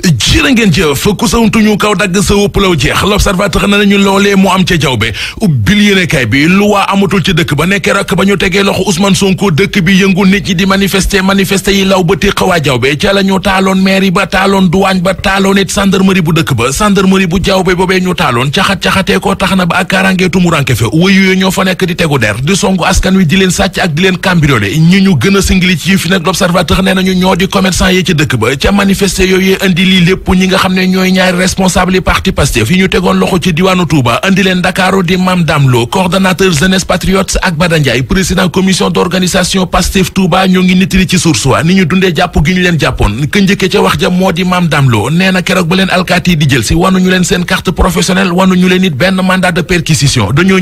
jërë ngeen jëf ku ñu kaw dagg sa wëpp law jeex l'observateur na nañu loolee ba nekkee rek ba ñu tegee loxo Ousmane Sonko dëkk bi yëngu nit ñi di manifester manifester yi law ba téq waa jaw be ca la ñu taaloon mairie ba taaloon duwaañ ba taaloon it gendarmerie bu dëkk ba gendarmerie bu jaw be boobee ñu taaloon caxat-caxatee ko na ba di tegu der di songu askan wi di leen sàcc ak di leen cambriolé ñi ñu gën a singli ci nañu ñoo di commerçant yi ci dëkk ba ca manifester yooyu indi andi lii lépp ñi nga xam ne ñooy ñaari responsable yi parti Pastef yi ñu tegoon loxo ci diwaanu Touba andi leen Dakaaru di Mame Dame Lo coordonnateur jeunesse patriote ak Bada président commission d'organisation Pastef Touba ñoo ngi nittali ci sursuwa ni ñu dundee jàpp gi ñu leen jàppoon ka njëkkee ca wax ja moo di Mame Dame Lo nee na keroog ba leen alkaati di jël si wanuñu leen seen carte professionnelle wanuñu leen it benn mandat de perquisition dañoo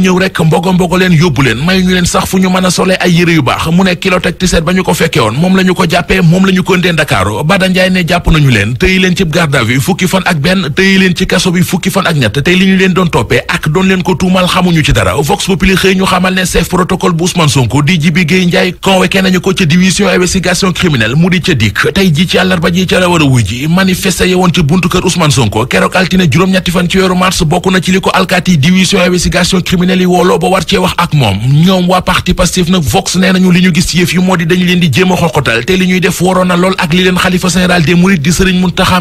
a solee ay yére yu baax mu ne kilo moom la ñu ko jàppee moom la ñu leen ci garde à fukki fan ak benn téye leen ci kaso bi fukki fan ak ñett tey li ñu leen doon toppee ak doon leen ko tuumal xamuñu ci dara Vox Populi xëy ñu xamal ne chef protocole bu Ousmane Sonko di Djibi Gueye Ndiaye convoqué nañu ko ca division investigation criminelle mu di ca dikk tey ji ci àllarba ji ca la war a wuy ji manifesté yi woon ci buntu kër Ousmane Sonko keroog altine juróom-ñetti fan ci weeru mars bokk na ci li ko alkaati division investigation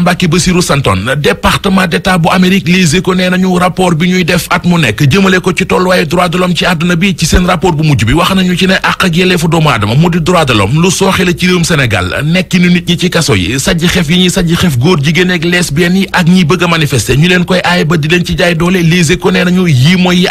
Mountakha Mbacké Bassirou santoon département d'état bu Amérique Les Échos nee nañu rapport bi ñuy def at mu nekk jëmale ko ci tolluwaayu droit de l'homme ci àdduna bi ci seen rapport bu mujj bi wax nañu ci ne àq ak yelleefu doomu aadama mu di droit de l'homme lu sooxe la ci réewum Sénégal nekk ni nit ñi ci kaso yi sajj xef yi ñuy sajj xef góor jigéen ak lesbiennes yi ak ñiy bëgg a manifester ñu leen koy aaye ba di leen ci jaay doole Les Échos nee nañu yii mooy yi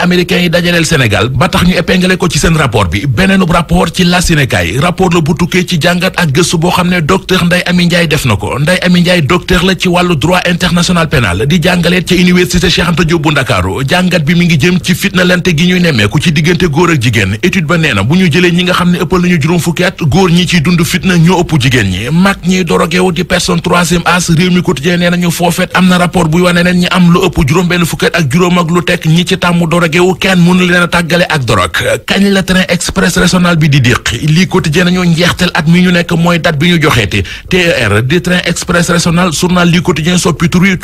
ba tax ñu épinglé ko ci seen bi beneenub rapport ci la Sénégal rapport la bu tukkee ci jàngat ak gëstu boo xam ne docteur Ndeye Amy Ndiaye def na ko Ndeye Amy Ndiaye docteur professeur la ci wàllu droit international pénal di jàngaleet ca université Cheikh Anta Diop bu Ndakaaru jàngat bi mi ngi jëm ci fitna lente gi ñuy nemmeeku ci diggante góor ak jigéen étude ba nee bu ñu jëlee ñi nga xam ne ëppal nañu juróom fukki góor ñi ciy dund fitna ñoo ëpp jigéen ñi mag ñiy dorogewu di personne troisième âge réew mi quotidien nee nañu foofeet am na rapport buy wane neen ñi am lu ëpp juróom benn fukki at ak juróom ak lu tekk ñi ci tàmm dorogewu kenn mënu leen tàggale ak dorog kañ la train bi di diq lii quotidien nañu njeextel journal li quotidien soppi tur yi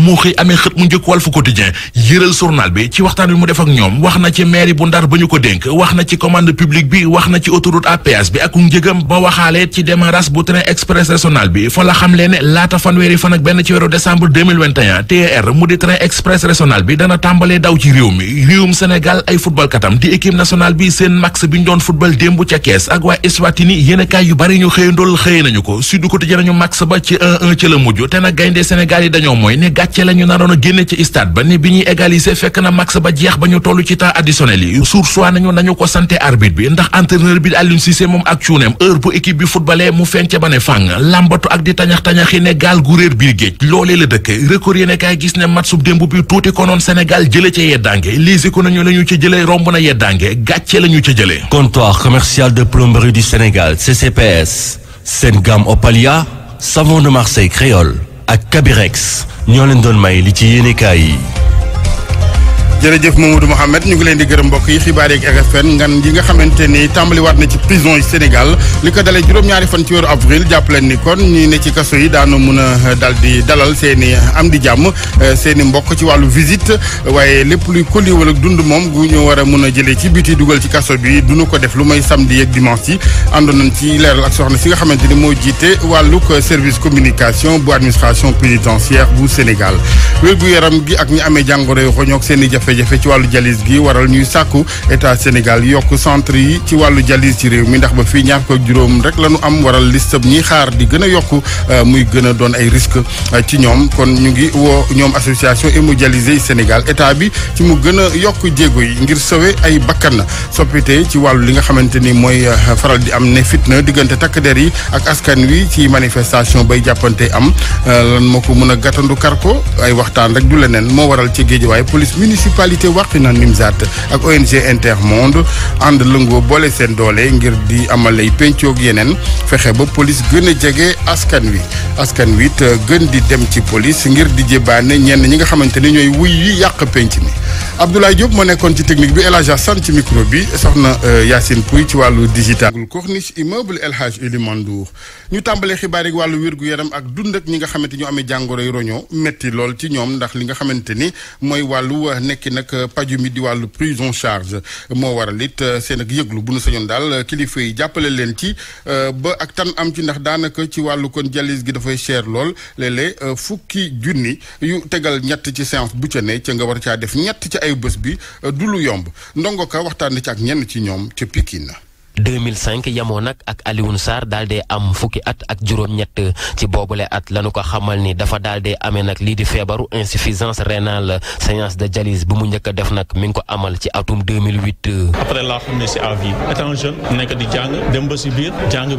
mu xëy amee xët mu njëkk Walf Quotidien yëral journal bi ci waxtaan bi mu def ak ñoom wax na ci mairie bu Ndar ba ko dénk wax na ci commande publique bi wax na ci autoroute à bi ak njëgam ba waxaalee ci démarrage bu train express régional bi fa la ne laata fanweeri fan benn ci weeru décembre 2021 TER mu di train express nationale bi dana tàmbalee daw ba ci 1-1 ci la mujj gayndee Sénégal yi dañoo mooy ne gàcce la ñu naroon a génne ci stade ba ne bi ñuy égaliser fekk na max ba jeex ba ñu toll ci temps additionnel yi sursoi nañu nañu ko santé arbitre bi ndax entraîneur bi Aliou Cissé ak cuuneem heure équipe bi footballee mu fenc ba ne fàng lambatu ak di tañax-tañaxi ne gaal gu réer biir géej loolee la dëkke record yéenekaay gis ne match démb bi tuuti soppi ko noon Sénégal jële ca yeddaange Les Échos nañu la ñu ca jële romb na yeddaange gàcce la ñu ca jële comptoir commercial de plomberie du Sénégal CCPS seen gamme Opalia savon de Marseille créole ak kabirex ñoo leen doon may li ci yéenekaay yi jërëjëf Mamadou Mohamed ñu ngi leen di gërëm mbokk yi xibaar yeeg RFM ngan yi nga xamante ni tàmbaliwaat na ci prison yi Sénégal li ko dalee juróom-ñaari fan ci weeru avril jàpp leen ni kon ñi ne ci kaso yi daanu mun a dal di dalal seen am di jàmm eh, seen i mbokk ci wàllu visite waaye lépp luy kolli wala dund moom gu ñu war mun a jëlee ci biti dugal ci kaso bi duñu ko def lu may samedi yeeg dimanche yi àndoon nañ ci leeral ak soxna si nga xamante ni moo jiite wàllug service communication bu administration pénitentiaire bu Sénégal wér gu yaram gi ak ñu amee jàngoro yoo xooñoog seen i jafe jafe-jafe ci wàllu jalis gi waral ñuy sàkku état Sénégal yokk centre yi ci wàllu jalis ci réew mi ndax ba fii ñaar ko juróom rek la ñu am waral liste ñiy xaar di gën a yokku euh, muy gën a doon ay risque euh, ci ñoom kon ñu ngi woo ñoom association hémodialysés Sénégal état bi ci mu gën a yokk jéego yi ngir sowe ay bakkan soppite ci wàllu li nga xamante ni mooy euh, faral di am ne fitna diggante takk der yi ak askan wi ci manifestation bay jàppante am lan moo ko mën a gàttandu kar localité Wakhinane Nimzatt ak ONG Intermonde ànd lango boole seen doole ngir di amalay pencoog yeneen fexe ba police gën jege askan wi askan wi it gën di dem ci police ngir di jébaane ñenn ñi nga xamante ni ñooy wuy yi yàq penc mi Abdoulaye Diop moo nekkoon ci technique bi El Hadj Assane ci micro bi soxna euh, Yacine Pouy ci wàllu digital. corniche immeuble El Hadj Elimane Ndour ñu tàmbalee xibaar yi wàllu wér-gu-yaram ak dund ak ñi nga xamante ñu amee jàngoro yu roñoo métti lool ci ñoom ndax li nga xamante ni mooy wàllu euh, nekki nag euh, paju bi di wàllu prise en charge moo waral it euh, seen ak yëglu bu nu sañoon daal kilifa yi jàppale leen ci ba ak tan am ci ndax daanaka ci wàllu kon dialyse gi dafay cher lool léeg-léeg fukki junni yu tegal ñett ci séance bu ca ne ca nga war caa def ñett ci ay bës bi du lu yomb ndongo ka waxtaan na ci ak ñenn ci ñoom ca Pikine 2005 yamoon nag ak Alioune Sarr daal dee am fukki at ak juróom-ñett ci boobule at lañu ko xamal ni dafa daal dee ame nag lii di feebaru insuffisance rénale séance de dialyse bu mu njëkk a def nag mi ngi ko amal ci atum 2008. après laa xam ne si à vie étant jeune nekk di jàng si biir jàng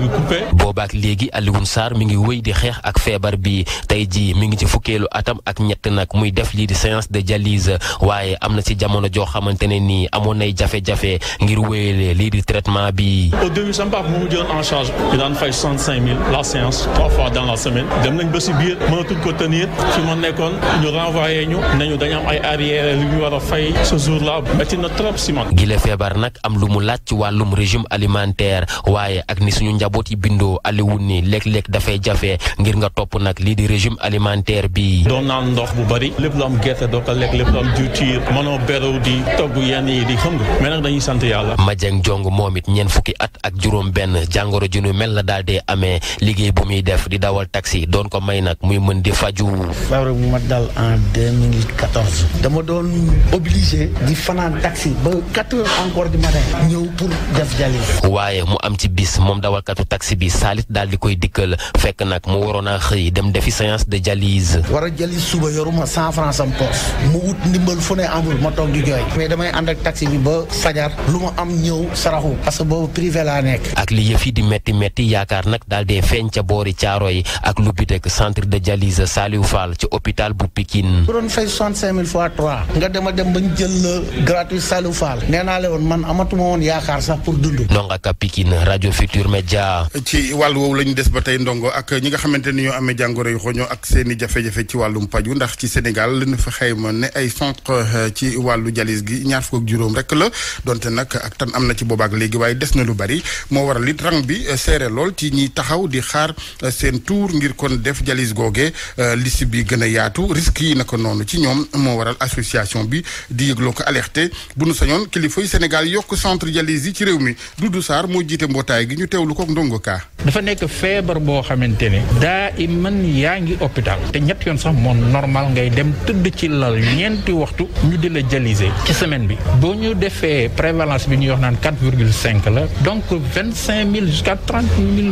boobaak léegi Alioune Sarr mi ngi wéy di xeex ak feebar bi tey jii mi ngi ci fukkeelu atam ak ñett nag muy def lii di séance de dialyse waaye am na si jamono joo xamante ne nii amoon nay jafe ngir wéyalee lii di bi. yi. au début a papa moomu jëloon en ñu daan fay soixante cinq mille la séance trois dans la semaine dem nañ ba si biir mënatuñ ko tenir fi ma nekkoon ñu renvoyé ñu nañu dañu am ay arrière lu ñu war a fay ce jour là trop si man. gile feebar nag am lu mu laaj ci wàllum régime alimentaire waaye ak ni suñu njaboot yi bindoo aliwun ni léeg-léeg dafay jafe ngir nga topp nag lii di régime alimentaire bi. doon naan ndox bu bari lépp lu am gerte doo fukki at ak juróom benn jàngoro ju nu mel na daal di amee liggéey bu muy def di dawal taxi doon ko may nag muy mën di faju feebar bu ma dal en dama doon obligé di fanaan taxi ba quatre encore du matin ñëw pour def dialyse waaye mu am ci bis moom dawalkatu taxi bi saalit daal di koy dikkal fekk nag mu waroon a xëy dem defi séance de dialyse war a suba yoruma cent francs am poos mu wut ndimbal fu ne amul ma toog di jooy mais damay bi ba fajar am ñëw saraxu parce privé laa nekk. ak li yëf yi di métti métti yaakaar nag daal dee feeñ ca boori caaro yi ak lu bitek centre de dialyse Saliou Fall ci hôpital bu Pikine. bu doon fay 65000 fois 3 nga dem a dem bañ jël la gratuit Saliou Fall nee woon man amatuma woon yaakaar sax pour dund. ndongo ak Pikine rajo Futur Media. ci wàll woowu la ñu des ba tey ndongo ak ñi nga xamante ni ñoo amee jàngoro yu xoñoo ak seen i jafe-jafe ci wàllum paju ndax ci Sénégal li ñu fa xayma ne ay centre euh, ci wàllu dialyse gi ñaar fukk ak juróom rek la donte nag des na lu bari moo waral it rang bi euh, seere lool ci ñiy taxaw di xaar euh, seen tour ngir kon def jalis googe euh, liste bi gën a yaatu risque yi na ko noonu ci ñoom moo waral association bi di yëgloo ko alerté bu nu sañoon kilifa yi Sénégal yokk centre jalis yi ci réew mi Doudou Sarr moo jiite mbootaay gi ñu teewlu ko ndongo kaa dafa nekk feebar boo xamante ne daa iman yaa ngi hôpital te ñett yoon sax moo normal ngay dem tëdd ci lal ñeenti waxtu ñu di la jaliser ci semaine bi boo ñu defee prévalence bi la la donc vingt cinq mille jusqu'à trente mille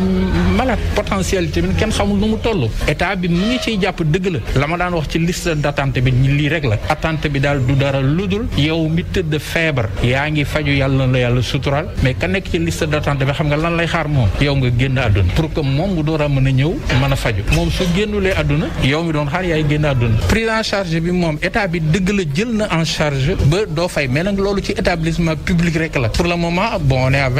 malades potentiels yi tamit kenn xamul nu mu toll état bi mu ngi ciy jàpp dëgg la la ma daan wax ci liste d'attente bi ñi lii rek la attente bi daal du dara ludul yow mi tëdd feebar yaa ngi faju yàlla na la yàlla sutural mais ka nekk ci liste d'attente bi xam nga lan lay xaar moom yow nga génn àdduna pour que moom mu door a mën a ñëw mën a faju moom su génnulee àdduna yow mi doon xaar yaay génn àdduna prise en charge bi moom état bi la jël na en charge ba doo fay mais nag loolu ci établissement public rek la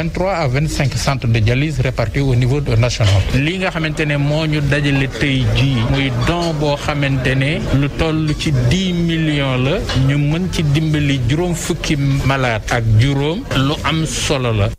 23 à 25 centres de dialyse répartis au niveau national li nga xamante ne moo ñu dajale tey jii muy don boo xamante ne lu toll ci 10 millions la ñu mën ci dimbali juróom fukki malaat ak juróom lu am solo la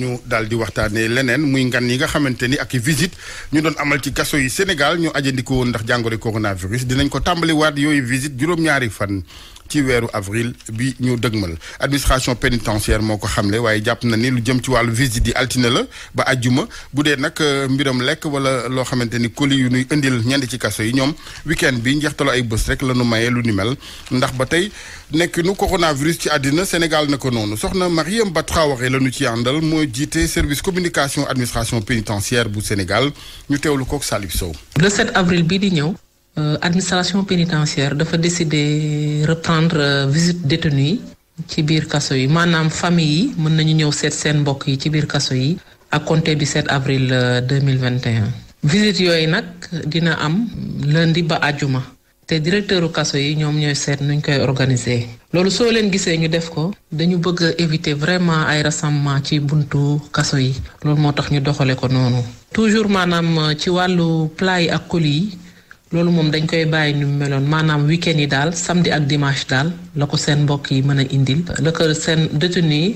ñu daal di waxtaanee leneen muy ngan yi nga xamante ni ak visite ñu doon amal ci kaso yi Sénégal ñu ajandikoo woon ndax jàngoro coronavirus dinañ ko tàmbaliwaat yooyu visite juróom-ñaari fan ci weeru avril bi ñu dëgmal administration pénitentiaire moo ko xamle waaye jàpp na ni lu jëm ci wàllu visite yi altine la ba àjjuma bu dee nag euh, mbiram lekk wala loo xamante ni colis yu nuy indil ñenn ci kaso yi ñoom week-end bi njeextalu ay bés rek la nu mayee lu ni mel ndax ba tey nekk nu coronavirus ci àddina Sénégal na ko noonu soxna Mariam Ba Traoré la ñu ci àndal moo jiite service communication administration pénitentiaire bu Sénégal ñu teewlu kook Salif Sow. le 7 ñëw. Euh, administration pénitentiaire dafa décider reprendre euh, visite détenu yi ci biir kaso yi maanaam famille yi mën nañu ñëw seet seen mbokk yi ci biir kaso yi ak compter du 7 avril 2021 euh, visite yooyu nag dina am lundi ba àjjuma te directeuru kaso yi ñoom ñooy seet nuñ koy organiser loolu soo leen gisee ñu def ko dañu bëgg a éviter vraiment ay rassemblement ci buntu kaso yi loolu moo tax ñu doxale ko noonu toujours maanaam ci wàllu plat yi ak colis yi loolu moom dañ koy bàyyi ni mu meloon maanaam week-end yi daal samedi ak dimanche daal la ko seen mbokk yi mën a indil la ko seen détenu yi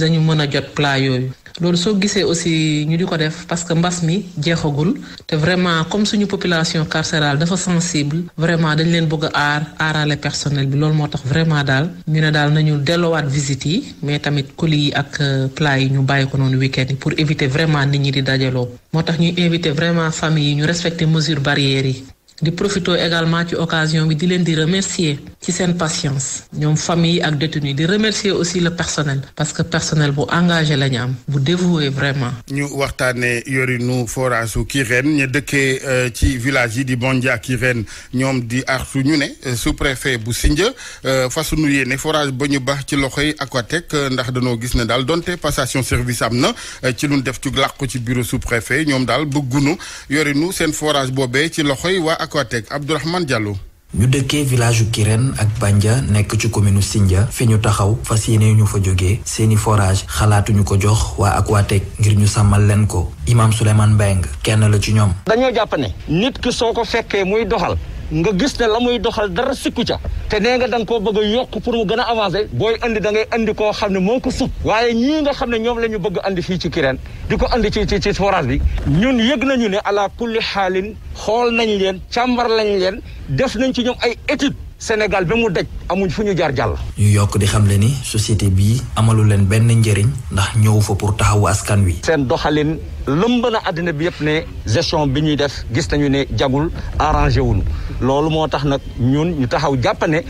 lañu mën a jot plat yooyu loolu soo gisee aussi ñu di ko def parce que mbas mi jeexagul te vraiment comme suñu population carcérale dafa sensible vraiment dañ leen bëgg aar aarale personnel bi loolu moo tax vraiment daal ñu ne daal nañu dellowaat visite yi mais tamit colis yi ak euh, plat yi ñu bàyyi ko noonu week-end yi pour éviter vraiment nit ñi di dajaloo moo tax ñuy invité vraiment famille yi ñu respecter mesures barrières yi di profito également ci occasion bi di leen di remercier ci seen patience ñoom famille ak détenu di remercier aussi le personnel parce que personnel bu engagé la ñu am bu dévoué vraiment. ñu waxtaanee yorinu forage su Kirène ñee dëkkee euh, ci village yi di Bondia Kirène ñoom di artu ñu ne euh, sous-préfet bu Sindia euh, nu yéene forage ba ñu baax ci loxoy Aquatec ndax dañoo gis ne daal donte passation service am na ci lu def ci làqu ci bureau sous-préfet ñoom daal bëggunu yorinu seen forage boobee ci loxoy waa Aquatech Abdourahmane Diallo. ñu dëkkee village u Kirène ak Bandia nekk ci commune Sindia fi ñu taxaw fas yéene ñu fa jógee seeni forage xalaatuñu ko jox waa Aquatech ngir ñu sàmmal leen ko Imam Souleymane Mbeng kenn la ci ñoom. dañoo jàpp nit ki soo ko fekkee muy doxal. nga gis ne la muy doxal dara sikku ca te nee nga danga nga koo bëgg a yokk pour mu gën a avancé booy andi dangay ngay andi koo xam ne moo ko sut waaye ñii nga xam ne ñoom la ñu bëgg andi fii ci Kirène di ko andi ci ci ci forage bi ñun yëg nañu ne ala kulli xaalin xool nañ leen càmbar lañ leen def nañ ci ñoom ay étude Sénégal bi mu daj amuñ fu ñu jaar jàll. ñu yokk di xamle ni société bii amalu leen benn njëriñ ndax ñëw fa pour taxawu askan wi. seen doxalin lëmb na àddina bi yëpp ne gestion bi ñuy def gis nañu ne jagul arrangé wuñ loolu moo tax nag ñun ñu taxaw jàpp ne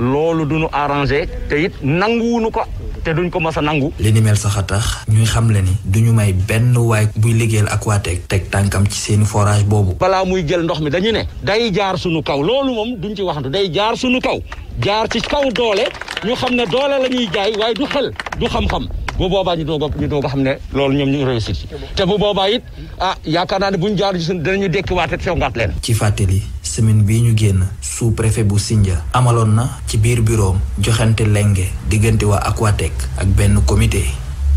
loolu du ñu arrangé te it nanguwuñu ko te duñ ko mos a nangu. li ni mel sax a tax ñuy xamle ni duñu may benn waay buy ak Aquatech teg tànkam ci seen forage boobu. balaa muy jël ndox mi dañu ne. day jaar suñu kaw loolu moom duñ ci waxantu day jaar suñu kaw jaar ci kaw doole ñu xam ne doole la ñuy jaay waaye du xel du xam-xam. bu boobaa ñu doog a ñu doog xam ne loolu ñoom ñu ngi te bu boobaa it ah yaakaar naa ne bu jaar jaar dinañu dekkiwaat te fewngaat leen. ci fàttali. semaine bii ñu génn sous préfet bu Sindia amaloon na ci biir bureau joxante lenge diggante waa Aquatec ak benn comité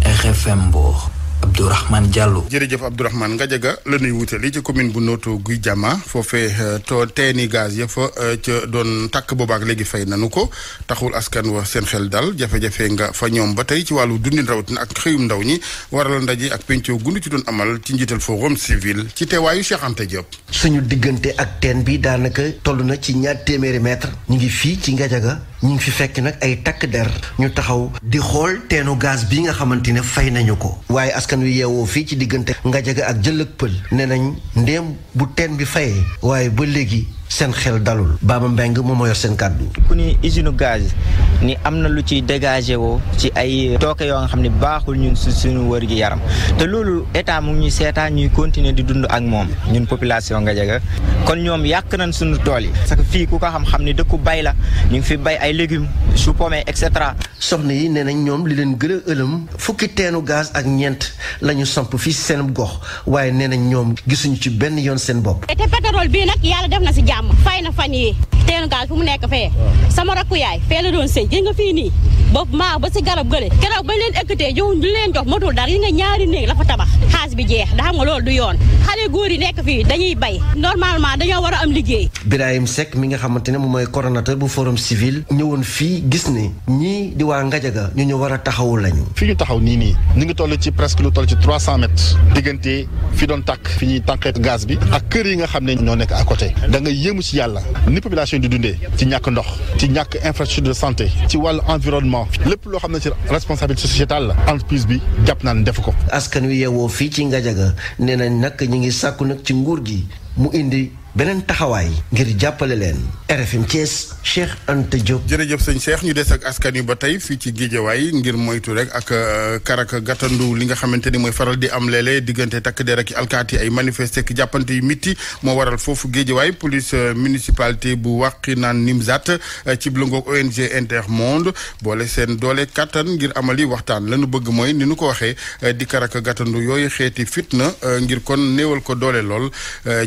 RFM Mbour Abdourahmane Diallo. jërëjëf Abdourahmane Ngadiaga la nuy wutali ci commune bu Notto Gouye Diama foofee euh, too teeni gaz ya fa euh, ca doon takk boobaak léegi fay nanu ko taxul askan wa seen xel dal jafe-jafe nga fa ñoom ba tey ci wàllu dundin rawatina ak xëyum ndaw ñi waral ndaje ak pencoo gunu ci doon amal ci njiital forum civil ci teewaayu Cheikh Anta Diop. suñu diggante ak teen bi daanaka toll na ci ñaar téeméeri mètre ñu ngi fii ci ngaje ga ñu ngi fi fekk nag ay takk der ñu taxaw di xool teenu gaz bii nga xamante ne fay nañu ko waaye askan wi yeewoo fii ci diggante nga jege ak jëllëg pël ne nañ ndéem bu teen bi fayee waaye ba léegi seen xel dalul Baba mu moom moo yor seen kàddu. ku ni usine gaz ni am na lu ciy dégagé woo ci ay tooke yoo nga xam ne baaxul ñun suñu wër gi yaram te loolu état mu ngi seetaan ñuy continuer di dund ak moom ñun population nga jega kon ñoom yàq nañ suñu tool yi. parce que fii ku ko xam-xam ni dëkku bay la ñu ngi fi bay ay légumes su pomme et cetera. soxna yi nee nañ ñoom li leen gën a ëlëm fukki teenu gaz ak ñeent lañu ñu samp fii seen gox waaye nee nañ ñoom gisuñu ci benn yoon seen bopp. jàmm fay na fan yi teenu gaal fu mu nekk fee sama raku yaay fee la doon sëy gis nga fii nii ba maa ba si garab gële keroog bañ leen ëkkatee jow ñu leen jox matul dara yi nga ñaari néeg la fa tabax xaas bi jeex da xam nga lool du yoon xale góor yi nekk fii dañuy bay normalement dañoo war a am liggéey Birahim Seck mi nga xamante ne moom mooy coordonnateur bu forum civil ñëwoon fii gis ni ñii di waa Ngajaga ñu ñu war a taxawu lañu. fii ñu taxaw nii nii ñu ngi toll ci presque lu toll ci trois cent mètres diggante fi doon tàkk fi ñuy tànqeet gaz bi ak kër yi nga xam ne ñoo nekk à côté da nga yéemu ci yàlla ni population di dundee ci ñàkk ndox ci ñàkk infrastructure de santé ci wàllu environnement lépp loo xam ne ci responsabilité sociétale la entreprise bi jàpp naan ne def ko. askan wi yeewoo fii ci Ngajaga nee nañ nag ñu ngi sàkku nag ci nguur gi beneen taxawaay ngir jàppale leen RFM Thiès Cheikh Anta Diop. jërëjëf sëñ Cheikh ñu des ak askan wi ba tey fii ci géejawaay ngir moytu rek ak euh, karaka gàttandu li nga xamante ni mooy faral di am léeg-léeg diggante takk der ak alkaati ay manifester ki jàppante yu mitti moo waral foofu géejawaay police euh, municipalité bu Wakhinane Nimzatt euh, ci blongo ONG Intermonde boole seen doole kattan ngir amali waxtaan lanu bëgg mooy ni nu ko waxee di karaka gàttandu yooyu xeeti fitna ngir kon néewal ko doole lool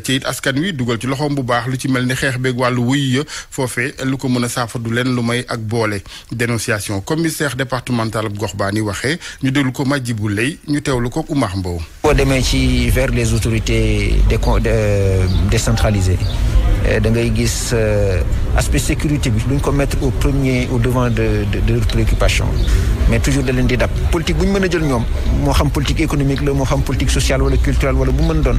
ci askan wi dugal ci loxoom bu baax lu ci mel ni xeex beeg wàllu wuyu ya foofee lu ko mën a saafara du leen lu may ak boole dénonciation commissaire départemental bu gox baa ni waxee ñu déglu ko Madjibou Lay ñu teewlu ko Oumar Mbow. boo demee ci vers les autorités décentralisées eh, da ngay gis euh, aspect sécurité bi duñ ko mettre au premier au devant de de de préoccupation mais toujours da leen di dab politique bu mën a jël ñoom moo xam politique économique la moo xam politique sociale wala culturelle wala bu mën doon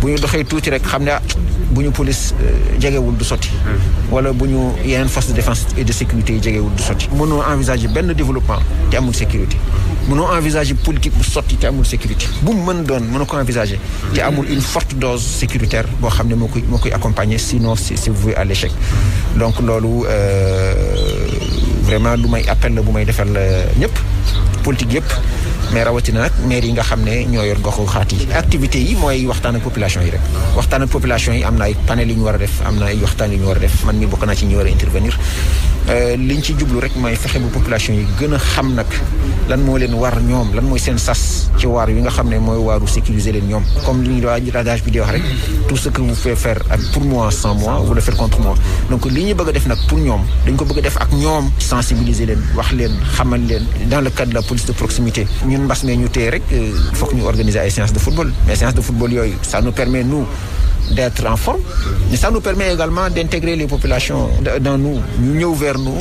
bu ñu doxee tuuti rek xam ne ah, bu ñu police euh, jegewul du sotti. Mm-hmm. wala bu ñu yeneen force de défense de sécurité jegewul du sotti. mënoo envisager benn développement te amul sécurité. Mm-hmm. mënoo envisager politique bu sotti te amul sécurité. bu mën doon mën a ko envisager. Mm-hmm. te amul une forte dose sécuritaire boo xam ne moo koy moo koy accompagner sinon si voué à l'échec. donc loolu euh, vraiment du may appel bu may defal euh, ñëpp. politique yëpp. mais rawatina nag maire yi nga xam ne ñoo yor goxu xaat yi activités yi mooy waxtaan ak population yi rek waxtaan ak population yi am na ay panel yu ñu war a def am na ay waxtaan yu ñu war a def man mi bokk naa ci ñu war a intervenir Euh, liñ ci jublu rek mooy fexe bu population yi gën a xam nag lan moo leen war ñoom lan mooy seen sas ci waar yi nga xam ne mooy waaru sécuriser leen ñoom comme li ñu adage bi di wax rek tout ce que vous pouvez ak pour moi sans moi vous le faire contre moi donc li ñu bëgg a def nag pour ñoom dañ ko bëgg a def ak ñoom sensibiliser leen wax leen xamal leen dans le cadre de la police de proximité ñun mbas mee ñu téye rek euh, foog ñu organiser ay séance de football mais séance de football yooyu d'être en forme et ça nous permet également d'intégrer les populations dans nous ñëw vers nous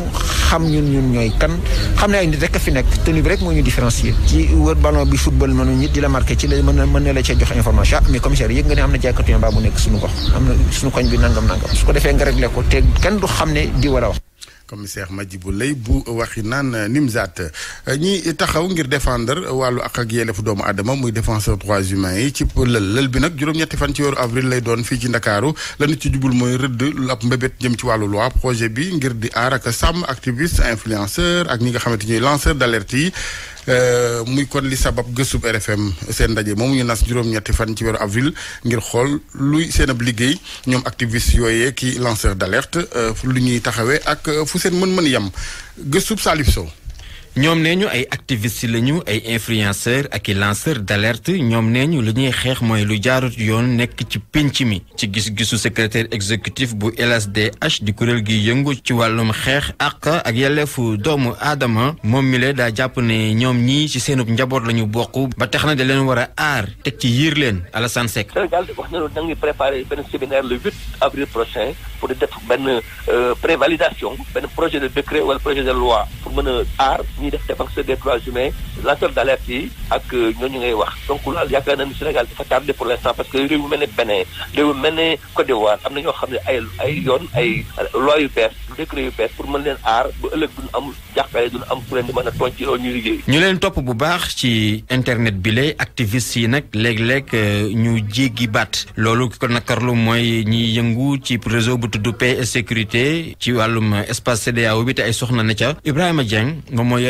xam ñun ñun ñooy kan xam ne ay nit rek a fi nekk tenue bi rek moo ñu différencier ci wër ballon bi football mënu nit di la marqué ci la mën na la cee jox information ah, mais commissaire yëg nga ne am na jaaykatu yamba bu nekk suñu gox am na suñu koñ bi nangam nangam su ko defee nga réglé ko te kenn du xam ne di wala a wax commissaire Madjibou Lay bu waxi naan euh, Nimzaat euh, ñi taxaw ngir défendre wàllu ak ak yelleefu doomu aadama muy défenseur droits humains yi ci lël lël bi nag juróom-ñetti fan ci weeru avril lay doon fii ci ndakaaru lanu ci jubul mooy rëdd ab mbébét jëm ci wàllu loi projet bi ngir di aar ak sàmm activiste influenceur ak ñi nga xamante ñuy lanceur d'alerte yi Euh, muy kon li sabab gëstub RFM seen ndaje moom ñu nas juróom-ñetti fan ci weeru avril ngir xool luy seen liggéey ñoom activiste yooyee ki lanceur d'alerte euh, lu ñuy taxawee ak euh, fu seen mën-mën yam gëstub Salif Sow ñoom nee ñu ay activistes lañu ay influenceurs ak i lanceurs d'alerte ñoom nee ñu li ñuy xeex mooy lu jaarut yoon nekk ci pinc mi ci gis-gisu secrétaire exécutif bu LSDH di kuréel gi yëngu ci wàllum xeex àq ak yelleefu doomu aadama moom mi daa jàpp ne ñoom ñii ci seenub njaboot lañu bokk ba tax na da leen war aar teg ci yiir leen Alassane Seck. Sénégal wax na da ngay préparer benn séminaire le 8 avril prochain euh, projet de décret wala projet de ñuy def défense des droits humains lanceur d' alerte yi ak euh, ñooñu ngay wax donc loolu yaakaar naa ni Sénégal dafa tardé pour l' instant parce que réew mu mel ne Bénin réew mel ne Côte d'Ivoire am na ñoo xam ne ay ay yoon ay loi yu bees décret yu bees pour mën leen aar ba ëllëg duñu am jàqale duñu am ku di mën a tooñ ci loolu ñuy liggéey ñu leen topp bu baax ci internet bi lay activiste yi nag léeg-léeg euh, ñu jéggi baat loolu ko nakarlu mooy ñiy yëngu ci réseau bu tudd paix sécurité ci wàllum espace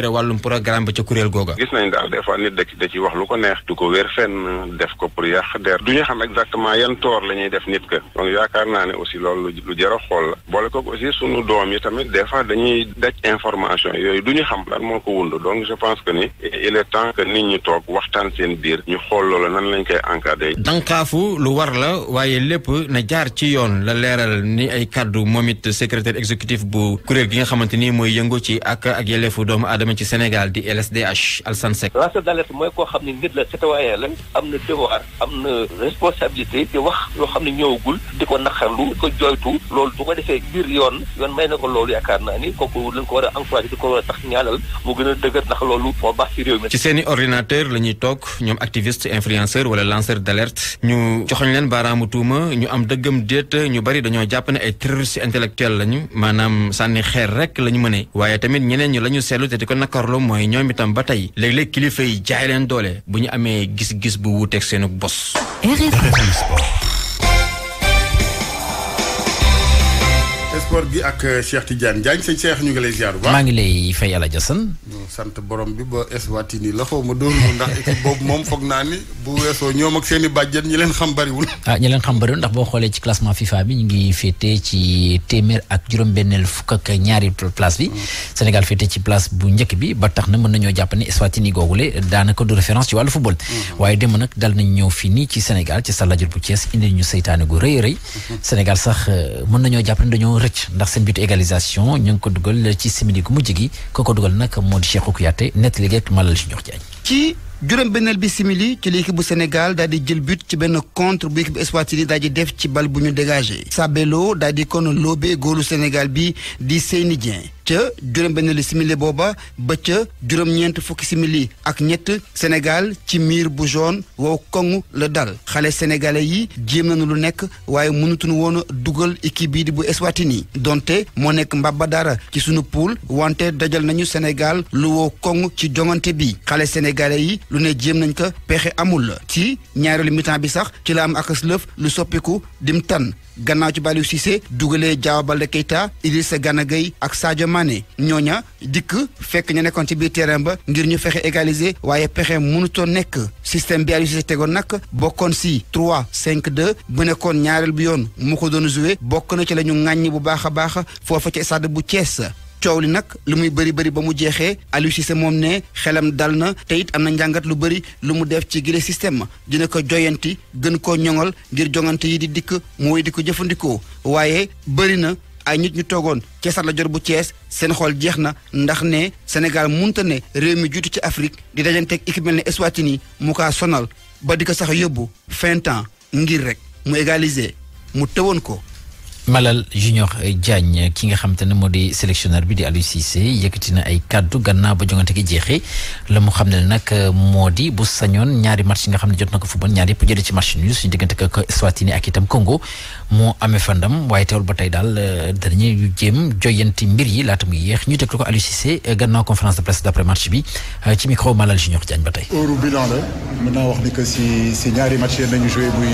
yore wàllum programme ba ca kuréel googa gis nañ daal des nit da ci wax lu ko neex du ko wér fenn def ko pour yàq der du xam exactement yan toor la ñuy def nit ka donc yaakaar naa ne aussi loolu lu jar a xool la boole ko aussi sunu doom yi tamit des fois dañuy daj information yooyu du ñu xam lan moo ko wund donc je pense que ni il e temps que nit ñi toog waxtaan seen biir ñu xool loolu nan lañ koy encadré dankaafu lu war la waaye lépp na jaar ci yoon la leeral ni ay kàddu moom it secrétaire exécutif bu kuréel gi nga xamante ni mooy yëngu ak ak ci Sénégal di LSDH Alassane Seck. lanceur d'alerte mooy koo xam ne nit la citoyen la am na devoir am na responsabilité di wax yoo xam ne ñëwagul di ko naqarlu di ko jooytu loolu du ko defee biir yoon yoon may na ko loolu yaakaar naa ni kooku lañ ko war a di ko war a tax ñaanal mu gën a ndax loolu moo baax ci réew mi. ci seen ordinateur la ñuy ñoom activiste influenceur wala lanceur d'alerte ñu joxoñ leen baaraamu tuuma ñu am dëggam déet ñu bari dañoo jàpp ne ay terroriste intellectuel lañu maanaam sànni xeer rek la ñu nakarlu mooy ñoom itam ba tey léeg kilifa yi jaay leen doole bu ñu amee gis-gis bu wuuteeg seenu bos. sport gi ak Cheikh Tidiane Diagne sëñ Cheikh ñu ngi lay maa ngi lay fay Alajasan sant borom bi ba Eswatini la xaw ma dóorlu ndax équipe boobu moom foog naa ni bu weesoo ñoom ak seen i bàjjen leen xam bariwul. ah ñi leen xam bariwul ndax boo xoolee ci classement FIFA bi ñu ngi féetee ci téeméer ak juróom-benneel fukk ak ñaari place bi. Mm. Sénégal féetee ci place bu njëkk bi ba tax na mën nañoo jàpp ne Eswatini googule daanaka du référence ci wàllu football. Mm-hmm. waaye dem nag dal nañ ñëw fii nii ci senegal ci Stade Lat Dior bu Thiès indi ñu saytaane gu rëy rëy. Mm-hmm. Sénégal sax euh, mën nañoo jàpp ne dañoo rëcc ndax seen bitu égalisation ñu ngi ko dugal ci simili gu mujj gi ko ko dugal nag moo Cheikhou Kouyaté net liggéey ak Malal Junior ci juróom benneel bi simili ci l'équipe bu Sénégal daal di jël but ci benn contre bu équipe Eswatini daal di def ci bal bu ñu dégagé Sabello daal di kon loobee góolu Sénégal bi di Seyni Dieng ca juróom-benn simili booba ba ca juróom-ñeent fukki simili ak ñett Sénégal ci miir bu jaune wow koŋ la dal xale sénégalais yi jéem nañu lu nekk waaye mënutuñu woon dugal équipe bii di bu Eswatini donte moo nekk mbabba dara ci sunu puul wante dajal nañu Sénégal lu wow koŋ ci joŋante bi xale sénégalais yi lu ne jéem nañ ko pexe amul ci ñaareelu mi bi sax ci la am ak lëf lu soppiku dim tan gannaaw ci Baliou Cissé dugalee Diao Baldé Keita Idrissa Gana Gueye ak Sadio Mané ñooña dikk fekk ñu nekkoon ci biir terrain ba ngir ñu fexe égaliser waaye pexe mënutoo nekk système bi Aliou Cissé tegoon nag bokkoon ci 3 5 2 bu nekkoon ñaareel bi yoon mu ko doon joué bokk na ci la ñu ŋàññi bu baax a baax foofa ci stade bu Thiès coow li nag lu muy bëri bëri ba mu jeexee Aliou Cissé moom ne xelam dal na teyit am na njàngat lu bëri lu mu def ci gile système ma dina ko joyanti gën koo ñoŋal ngir jongante yi di dikk mooy di ko jëfandikoo waaye bëri na ay nit ñu toogoon ca Stade Lat bu Thiès seen xool jeex na ndax ne Sénégal munta ne réew mi juutu ci Afrique di dajanteeg équipe mel ne Eswatini mu kaa sonal ba di ko sax yóbbu fin temps ngir rek mu égaliser mu tëwoon ko Malal Junior Diagne ki nga xam te ne moo di sélectionneur bi di Aliou Cissé yëkkati na ay kaddu gannaaw ba jongante gi jeexee la mu xam ne nag moo di bu sañoon ñaari match yi nga xam ne jot na ko football ñaari yëpp jëlee ci match nul suñu diggante ak Eswatini ak itam Congo moo ba tey euh, euh, euh, la mën naa wax ni que si si ñaari match yi nañu joué muy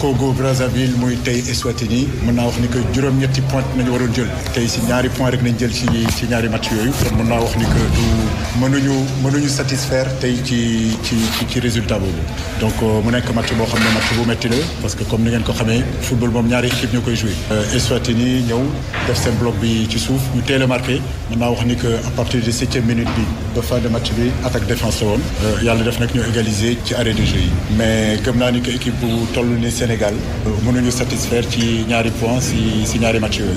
Congo Brazzaville muy tey Eswatini mën naa wax ni que juróom-ñetti point nañu waroon jël tey si ñaari point rek nañ jël si ñaari match yooyu kon naa wax ni que mënuñu mënuñu satisfaire tey ci ci ci résultat boobu donc mu nekk match boo xam ne match bu métti la parce que comme ni ngeen ko xamee football moom ñaari équipe ñoo koy joué. Eswatini def seen bloc bi ci suuf ñu teel a naa wax ni que à partir de septième minute bi ba fin de match bi attaque défense la woon. yàlla def nag ñu égaliser ci arrêt de jeu yi. mais gëm naa ni que équipe bu toll ni Sénégal mënuñu satisfaire ci ñaari point ci si ñaari match yooyu.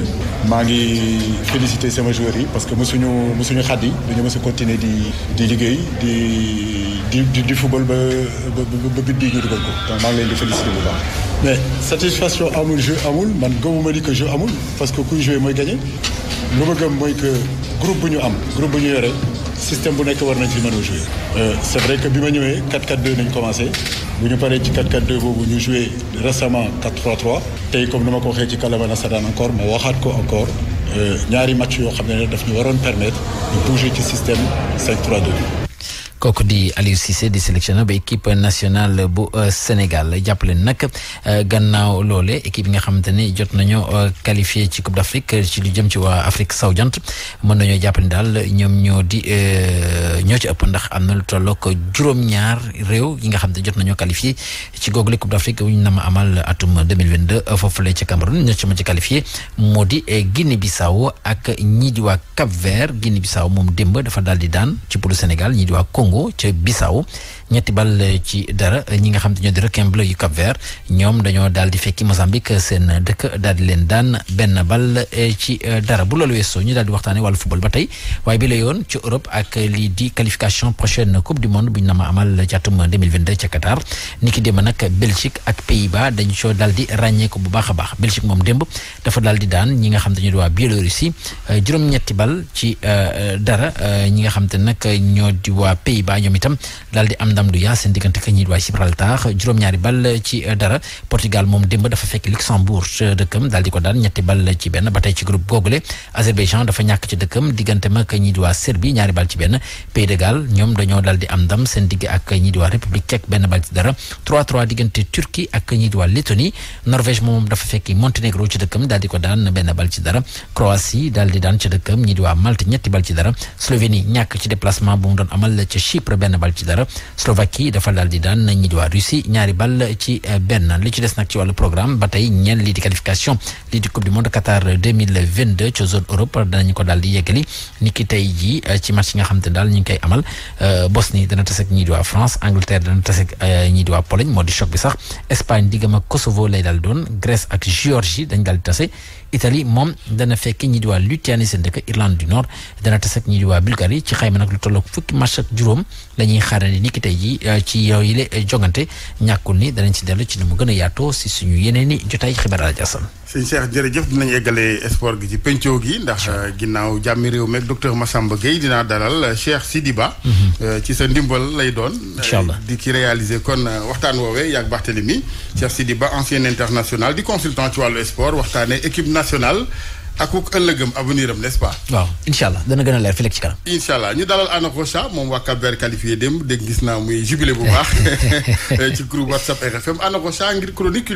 maa ngi félicité sama joueurs yi parce que mosuñu mosuñu xaddi dañu mos a continuer di di liggéey di di di football ba ba ba bit ñu dugal ko. maa ngi leen di félicité bu baax. mais satisfaction amul jeu amul man gëmuma ni que jeu amul parce que kuy jouer mooy gagné lu ma gëm mooy que groupe bu ñu am groupe bu ñu yore système bu nekk war nañ ci mën a jouer. Euh, c'est vrai que bi ma ñëwee 4 4 nañ commencé bu ñu paree ci 4-4-2 boobu ñu joué récemment 4 3 tey comme nu ma ko waxee ci Kalama Nasaraan encore ma waxaat ko encore. Euh, ñaari match yoo xam ne daf ñu waroon permettre ñu bouger ci système cinq 3 2 kooku di Aliou Cissé di sélectionneur ba équipe nationale bu euh, Sénégal jàppale nag euh, gannaaw loole équipe yi nga xamante ni jot nañu euh, qualifié ci coup d'Afrique ci lu jëm ci waa Afrique sowu-jant mën nañoo jàpp ni daal ñoom ñoo di ñoo ci ëpp ndax am na lu tollook juróom-ñaar réew yi nga xam ne jot nañu qualifié ci googule Coupe d'Afrique ñu na ma amal atum 2022 foofu la ci Cameroun ñoo ci ma ci qualifié moo di Guinée-Bissau ak ñii di waa Cap-Vert Guinée-Bissau moom démb dafa daal di daan Sénégal Congo ca Bissau ñetti bal eh, ci dara eh, ñi nga xam ñoo di requin bleu yu Cap Vert ñoom dañoo daal fekki Mozambique eh, seen dëkk daal leen daan benn bal ci dara bu loolu weesoo ñu daal di waxtaanee wàllu football ba tey waaye bi la yoon ci Europe ak lii di qualification prochaine coupe du monde bu ñu nama amal ci atum 2022 ca Qatar ni ki a nag Belgique ak Pays-Bas dañ soo daal di bu baax a baax Belgique moom démb dafa daal daan ñi nga xam ñoo di waa Biélorussie Pays-Bas ñoom itam daal am ndam du yaa seen diggante ka ñuy waay Gibraltar juróom-ñaari bal ci euh, dara Portugal moom démb dafa fekk Luxembourg euh, dëkkam dëkkam diggante ma ka ñi di waa Serbie ñaari bal ci benn Pays ñoom dañoo daal am ndam seen digg ak ñi di waa République Tchèque benn bal ci dara 3-3 diggante Turquie ak ñi di waa Lettonie Norvège moom dafa fekki Monténégro ci dëkkam daal ko daan benn bal ci dara Croatie daal daan ci dëkkam ñi Chypre benn bal ci dara Slovaquie dafa daal di daan ñi di waa Russie ñaari bal ci eh, benn li ci des nag ci wàll programme ba tey ñeen lii di qualification lii di coupe du monde Qatar 2022 ci zone Europe danañu ko daal di yeggali ni ki jii eh, ci match nga xam te daal ñu ngi koy amal eh, Bosnie dana tase ak ñii di waa France Angleterre dana tase ak ñii di waa Pologne moo di choc bi sax Espagne diggam Kosovo lay daal doon Grèce ak Géorgie dañ daal di tase Italie moom dana fekk ñi di waa Lituanie seen dëkk Irlande du Nord dana tas ñi di waa Bulgarie ci xayma nag lu tollook fukki match ak juróom la ñuy ni ki tey euh, ci yow yi euh, jongante ñàkkul ni danañ si dellu ci nu mu gën a yaatoo si suñu yeneen i jotaay xibaar Alaaji Asan sëñ Cheikh jërëjëf dinañ eggalee sport gi ci penco gi ndax euh, ginnaaw jàmmi réew meeg docteur Massamba Gueye dinaa dalal Cheikh Sidiba mhm. ci sa ndimbal lay doon incha allah di ki réaliser national ak ëllëgëm avenir am n'est-ce pas. allah dana gën a leer fii ci kanam. incha ñu dalal Anna moom waa Cap Vert qualifié dégg gis naa muy jubilé bu baax ci groupe WhatsApp RFM Anna ngir chronique.